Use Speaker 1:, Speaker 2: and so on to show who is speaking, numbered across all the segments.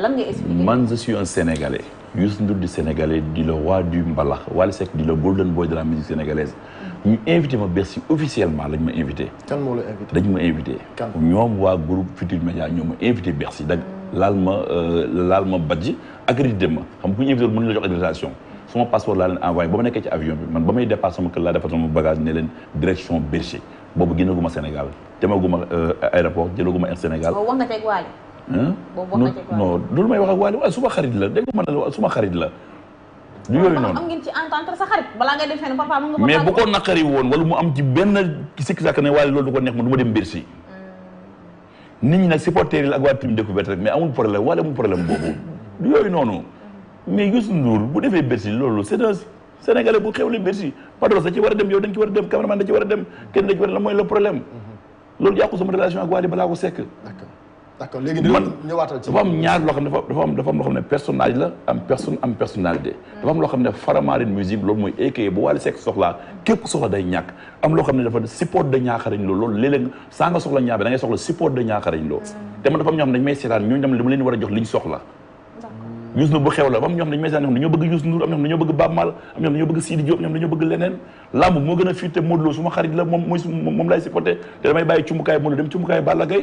Speaker 1: lan
Speaker 2: man je si un sénégalais. Youssou Ndour di sénégalais di le roi du mbalax Wally Seck di le golden boy de la musique sénégalaise. ñu invité ma Bercy officiellement lañ ma invité. kan moo la invité dañ ma invité. ñoom waa groupe Futur Média ñoom ma invité Bercy dag laal ma euh, laal ma badge accrédité ma xam ku ñu invité mën la jox accréditation. sama passeport laa leen envoyé ba ma nekkee ci avion bi man ba may départ sama kër laa defar sama bagage ne leen direction Bercy boobu génnaguma Sénégal demaguma euh, aéroport jëlaguma Air Sénégal. waaw wax nga boobu non loolu may wax ak Waly suma xarit la dégg nga man la suma xarit la. du yooyu noonu am
Speaker 1: ngeen ci entente sa xarit balaa ngay
Speaker 2: woon wala am ci benn sikki sàkk ne Waly loolu du ko neex ma dem Bercy. Hmm. nit ñi nag supporter yi la ak waa team découverte rek mais amul problème Waly amul problème boobu. du yooyu noonu. Hmm. mais Youssou Ndour bu defee Bercy loolu c'est un Sénégalais bu xewle Bercy Padros da ci war a dem yow dañ ci war a dem cameraman da ci war a dem kenn da ci war a la mooy le problème. Hmm. loolu yàqu sama relation ak Waly balaa ko sekk. d'accord léegi dinañ ñëwaatal dafa am ñaar loo xam ne dafa am dafa am loo xam personnage la am personne am personnalité. dafa am loo xam ne Faramareen musique loolu mooy écuyer bu Wally Seck soxlaa képp soxla day ñàkk am loo xam ne dafa support de ñaaxarañ loolu léeg saa nga soxla ñaabe da ngay soxla support de ñaaxarañ loo te man dafa am ñoo xam ne dañ may seetaan ñooñu a jox liñ am ñoo xam ne ñoo bëgg Youssou Ndour am ñoo xam dañoo ñoo bëgg leneen lamb moo gën a fiite Modou Lo suma xarit la moom mooy moom te damay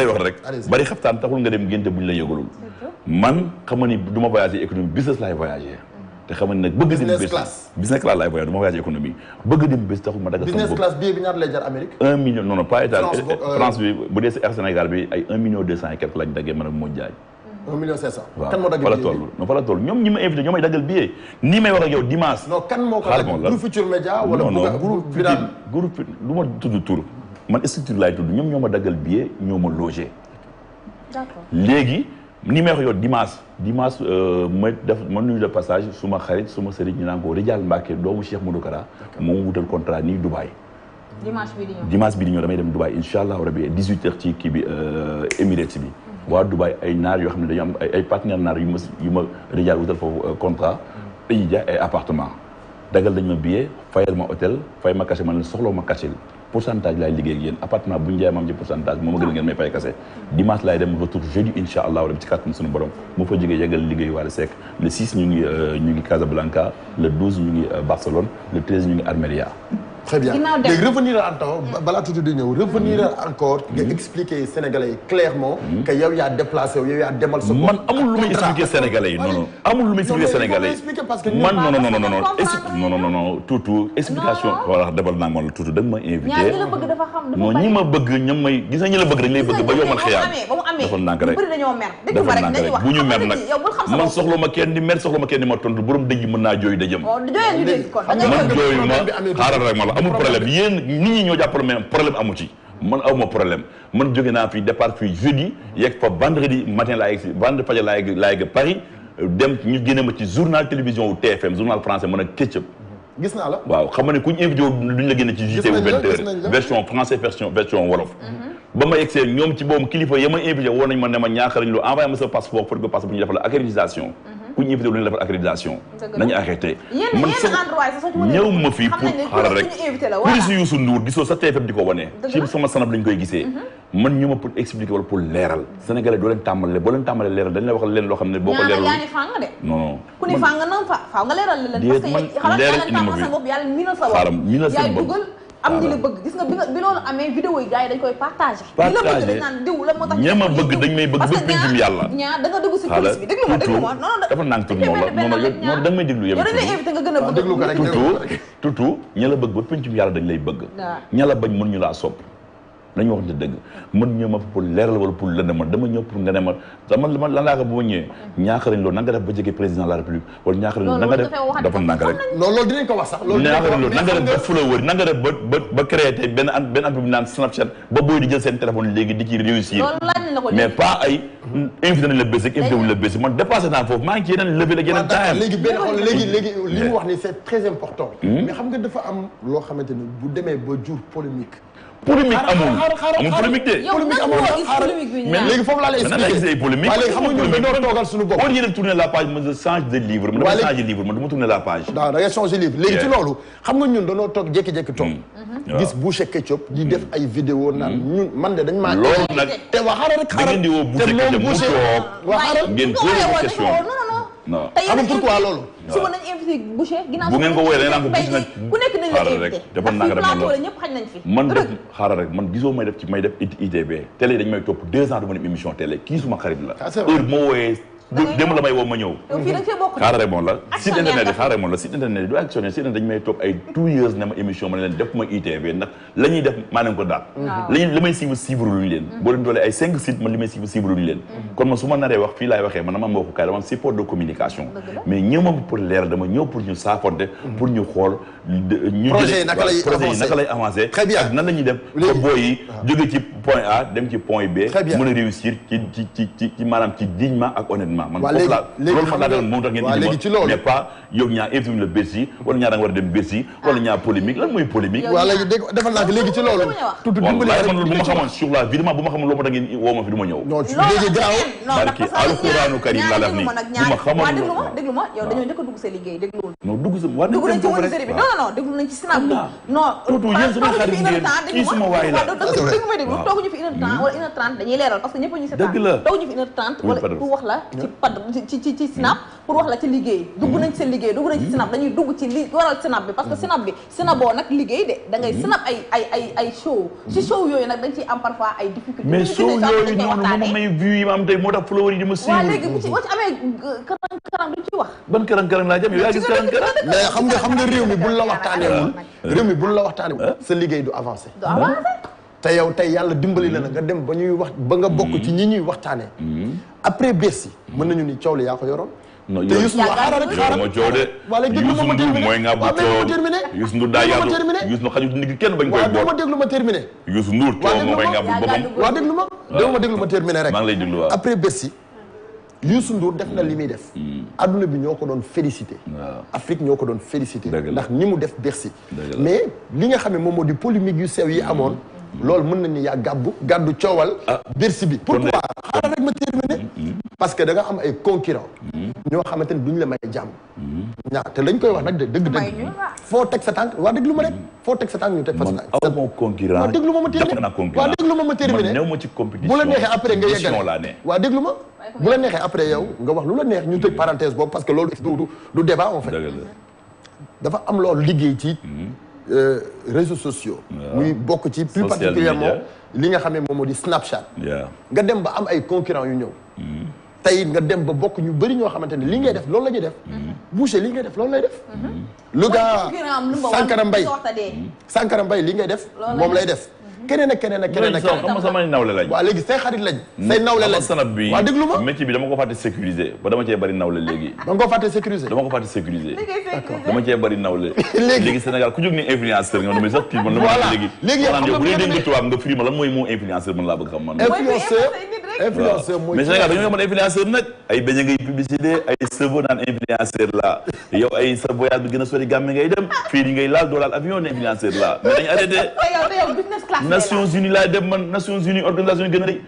Speaker 2: lay wax rek bari xaftaan taxul nga dem ngénte bu ñu la man xam ni du ma business laay voyagé mm. te xam nag bëgg dem business class laay voyagé du ma voyagé bëgg dem business class
Speaker 3: billet bi ñaata lay jar Amérique
Speaker 2: un million non non pas état France tur man structure laay tudd ñoom ñoo ma daggal billet ñoo ma logé. d'accord léegi ni may yoon yow dimanche dimanche euh, ma def ma nuyu de passage suma xarit suma sëriñ ñu naan ko Rijal Mbacke doomu Cheikh Modou Kara moom wutal contrat nii Dubaï.
Speaker 1: dimanche bi di ñëw dimanche
Speaker 2: bi di ñëw damay dem Dubaï incha allah rabi 18h ci kii bi Emirates euh, bi. Mhm. waa Dubaï ay naar yoo xam ne dañu am ay partenaires naar yu ma yu ma Rijal wutal foofu euh, contrat. dañuy jaay ay appartement dagal dañ ma billet fayal ma hôtel fay ma cachet man la soxlaw ma cachet pourcentage laay liggéey ak yéen appartement bu ñu jaay ma am ci pourcentage moo ma gën a ngeen may fay cachet dimanche laay dem retour jeudi incha allah wala ci kàttan suñu borom moo fa jógee yeggal liggéey Wally Seck le 6 ñu ngi euh, ñu ngi Casablanca le ñu ngi euh, Barcelone le 13 ñu ngi Almeria
Speaker 3: très bien léegi
Speaker 2: revenir en temps balaa tuuti di ñëw
Speaker 3: revenir mm-hmm. encore nga mm-hmm. expliquer sénégalais yi mm-hmm. man amul
Speaker 2: lu muy expliquer sénégalais yi non non amul lu muy expliquer ma la tuutu da nga bëgg ñoom may gis na ñi la bëgg dañ lay bëgg ba yomal xiyaam defal nànk rek ma kenn di mer soxla ma kenn ma tontu jooy oh, ma xaaral rek ma problème amul problème yéen nit ñi ñoo jàppale mais problème amu ci. man awma problème man jóge naa fi départ fii jeudi yegg fa vendredi matin laa yegg vendredi fajar laa yegg Paris dem ñu génne ma ci journal télévision wu TFM journal français mën a Ketchup. gis naa la waaw xam ku duñ la génne ci JT wu 20 version français version wolof. Mhm. ba ma yegg ñoom ci boobu kilifa ya ma woon nañ ma ne ma lu envoyé ma sa passeport pour que passeport ñu defal la ku ñu invité wu ñu defal accréditation. nañu arrêté. man
Speaker 1: ma fii pour xaaral rek su si
Speaker 2: Youssou di soo sa TFM di ko wane. ci sama sanab lañ koy gisee. Mhm. man ñëw ma pour expliquer wala pour leeral. Mhm. Sénégalais doo leen tàmbalee boo leen tàmbalee leeral dañ la wax leen loo xam ne boo ko leeralul.
Speaker 1: non non ku ni fang na faaw nga leeral leen. parce que xaaral yaa leen tàmbal am ñu la bëgg gis nga bi nga amee vidéo yi gars yi dañ koy partagé. partagé ñi
Speaker 2: bëgg dañ may bëgg ba pencum yàlla.
Speaker 1: ñaar da nga dugg si police déglu ma déglu ma noonu la noonu may déglu yow. yow dañ bëgg.
Speaker 2: ña la bëgg ba pencum yàlla dañ lay bëgg. ñala la bañ mën ñu laa sopp nañu wax dëgg man ñëw ma pour leeral wala pour lënd ma dama ñëw pour nga ne ma dama ma lan laa ko bu ma ñëwee ñaaka lañ loolu na nga def ba jege président de la république wala ñaaka lañ na nga def dafa nànk rek loolu dinañ ko wax
Speaker 3: sax loolu ñaaka lañ loolu na nga
Speaker 2: def ba fula wër na nga def ba ba ba créé tey benn am benn entreprise naan Snapchat ba booy di jël seen téléphone léegi di ci réussir mais pas ay invité nañ la basique invité wuñ la basique man dépassé naa foofu maa ngi ci yeneen levé la yeneen temps léegi benn xool léegi hmm. léegi li mu wax ni c'est très important
Speaker 3: hmm? mais xam nga dafa am loo xamante ni bu demee ba jur polémique polémique amul amul polémique de. polémique amul mais léegi foofu laa lay expliqué polémique waaye léegi xam
Speaker 2: nga toogal suñu bopp. au lieu de tourner la page man je change de livre. man dama changer livre man dama tourner la page. waaw da ngay changer livre léegi ci loolu.
Speaker 3: xam nga toog jékki-jékki toog. Mm. Mhm. Mm-hmm. gis boucher ketchup di def mm. ay vidéo naan mm-hmm. ñun man de dañ maa. loolu nag te waxaara rek xaaral te moom boucher. waaw ngeen posé
Speaker 1: question
Speaker 2: non. xam loolu. suba
Speaker 1: nañ invité Boucher ginnaaw bu ngeen ko wooyee dañ naan ko nekk nañ la invité defoon naa nga def noonu ñëpp xaj nañ fi man
Speaker 2: rek man gisoo may def ci may def ITB télé dañ may topp deux ans du ma dem émission télé kii suma xarit la démb la may woo ma ñëw. xaaral rek moom la site internet yi xaaral rek moom la site internet yi du actionné site internet dañu may toog ay two years ne ma émission ma ne leen def ma ITV ndax la ñuy def maa leen ko daal lañu li may suivre suivre luñu leen mm. boo leen doolee ay cinq sites man li may suivre suivre luñu leen mm. kon ma su ma naree wax fii laay waxee man dama am waxukaay dama am support de communication mais ñëw ma pour leer dama ñëw pour ñu saafonte mm. pour ñu xool ñu projet yi naka lay avancé très bien nan la ñuy def ko booy yi ah. jóge ci point A dem ci point B. très bien a réussir ci maanaam ci dignement ak honnêtement. man foofu la loolu fan laa doon moom tax ngeen indi ma. ci loolu mais pas yow ñaa infime la Bercy wala ñaa da nga war a dem Bercy ah. wala ñaa polémique lan mooy polémique. waaw léegi dégg defal naa ko ci loolu. la vie bu ma xamoon loo ma tax ngeen woo ma fi du ma ñëw. non léegi garaaw. barki alxuraanu karim laa def nii bu ma xamoon loolu. waaw
Speaker 1: déglu ma yow dañoo ah. njëkk a sa liggéey déglu woon.
Speaker 2: non
Speaker 1: nañ ci sinab bi non tooguñu fi une heure trente wala une heure trente dañuy leeral parce que ñëpp ñu seetaan dëgg la tooguñu fi une heure trente wala pour wax la ci pad ci ci ci snap pour wax la ci liggéey dugg nañ ci seen liggéey dugg nañ ci snap dañuy dugg ci li waral snap bi parce que snap bi snap boo nag liggéey de da ngay snap ay ay ay ay show ci show yooyu nag dañ ciy am parfois ay difficulté mais show yooyu noonu
Speaker 2: moom may view yi ma am tey moo tax follower yi di ma siiw waaw léegi bu ci boo
Speaker 1: ci amee karang karang duñ ci wax
Speaker 2: ban karang karang laa jëm yow yaa gis karang karang mais xam nga xam nga réew mi
Speaker 3: buñ la waxtaanewul réew mi buñ la waxtaanewul sa liggéey du avancé du avancé te yow tey yàlla dimbali la na nga dem ba ñuy wax ba nga bokk ci ñi ñuy waxtaanee. après bés yi. mën nañu ni
Speaker 2: coow li yaa ko yoroon. non te Youssou Ndour xaaral rek xaaral yow coow de. ma terminé mooy nga bu coow daa yaatu Youssou Ndour xajul kenn bañ koy boot. waaw ma déglu ma terminé. Youssou Ndour coow moo koy nga bu boppam. waaw déglu ma
Speaker 3: déglu ma déglu rek. maa ngi lay déglu waaw après bés yi. Youssou def na li muy def. Hmm. adduna bi ñoo ko doon félicité. Afrique ñoo ko doon félicité. ndax ñi mu def Bercy mais li nga xam ne moom moo di polémique yu sew yi amoon loolu mën nañu yaa gàbbu gàddu coowal birsi ah. bi pourquoi xaaral rek ma terminer mm, mm. parce que danga nga am ay concurrent mm. ñoo xamante ni duñ la may jàmm ñaa te lañ koy wax nag de dëgg dëgg foo teg sa tànk waa déglu ma rek foo teg sa tànk ñu teg fa sa tànk aw ma
Speaker 2: concurrent waa déglu ma ma terminer
Speaker 3: waa déglu ma ma ma ci bu la neexee après nga yeggale waa déglu ma bu la neexee après yow nga wax lu la neex ñu tëj parenthèse boobu parce que loolu du du débat en fait dafa am loolu liggéey ci Euh, réseaux sociaux. muy bokk ci plus particulièrement li nga xam ne moom moo di Snapchat.
Speaker 2: nga
Speaker 3: dem ba am ay concurrents yu ñëw. Mm-hmm. tey nga dem ba bokk ñu bëri ñoo xamante ni li ngay def loolu la ñuy def. Mm-hmm. boucher li ngay def loolu lay def. Mm-hmm. lu gaa Sankara Mbaye Sankara mbay li ngay def moom lay def. keneen ak keneen ak
Speaker 1: keneen ak keneen xam nga
Speaker 2: samay nawle lañ waaw léegi say xarit nawle lañ sanab bi waaw déglu ma métier bi dama ko fàtte bari nawle léegi da nga ko fàtte sécuriser dama ko fàtte sécuriser dama cee bari léegi Sénégal ku jóg ni influenceur nga damay sax tiit man la mooy moo influenceur man laa bëgg xam man
Speaker 3: influenceur mooy mais Sénégal dañoo
Speaker 2: yombal influenceur nag ay bañ ngay publicité ay savo influenceur la yow ay sa voyage bi gën a sori Gambie ngay dem fii ni ngay laal doo laal avion ne influenceur la mais dañu arrêté Nations Unies laa dem man Nations Unies organisation yi gën a rëy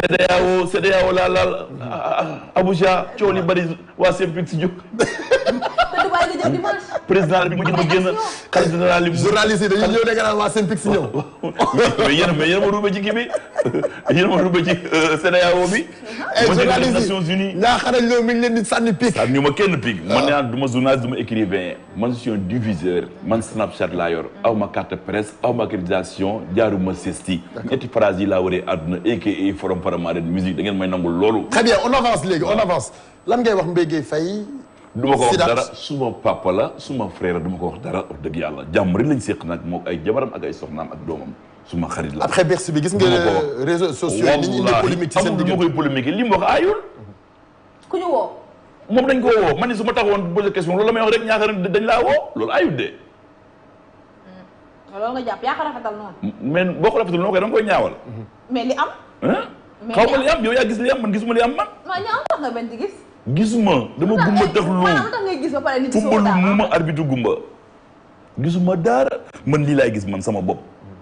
Speaker 2: CEDEAO CEDEAO laa laal Abuja coow bari waa seen pig si jóg président bi mujj na génn xarit général bi journaliste yi dañuy ñëw nekk naan waa seen pig si ñëw mais ma ruuba ma ruuba ci CEDEAO ma nekk les Nations mi ngi leen di sànni pig ma kenn pig ah. man naan du ma ma écrivain man je suis Snapchat laa yor aw ma carte presse aw ma accréditation jaaruma sesti ñetti phrase yi laa waree àdduna aka forum parlementaire de musique da ngeen may nangul loolu très bien
Speaker 3: on avance léegi on avance lan ngay wax Mbaye Guèye
Speaker 2: du ma ko wax dara suma papa la suma frère du ma ko wax dara dëgg yàlla jàmm rek lañ séq nag moom ay jabaram ak ay soxnaam ak doomam suma la.
Speaker 3: après bi gis nga
Speaker 2: réseaux sociaux yi ni ñu indi polémique ci seen koy polémique li mu wax aayul. ku ñu woo. ko woo man ni su ma taxawoon posé question loolu la may wax rek ñaakaar dañ laa woo loolu aayul de.
Speaker 1: Hmm. loolu nga jàpp yaa ko rafetal noonu.
Speaker 2: mais boo ko rafetal noo koy da nga koy ñaawal.
Speaker 1: mais li am. mais li am xaw ma li am yow
Speaker 2: yaa gis li am man gisuma li am man.
Speaker 1: non ñaaw tax nga gis.
Speaker 2: gisuma dama gumba def lu kumbalu muuma arbitre gumba gisuma daara man lii laay gis man sama bopp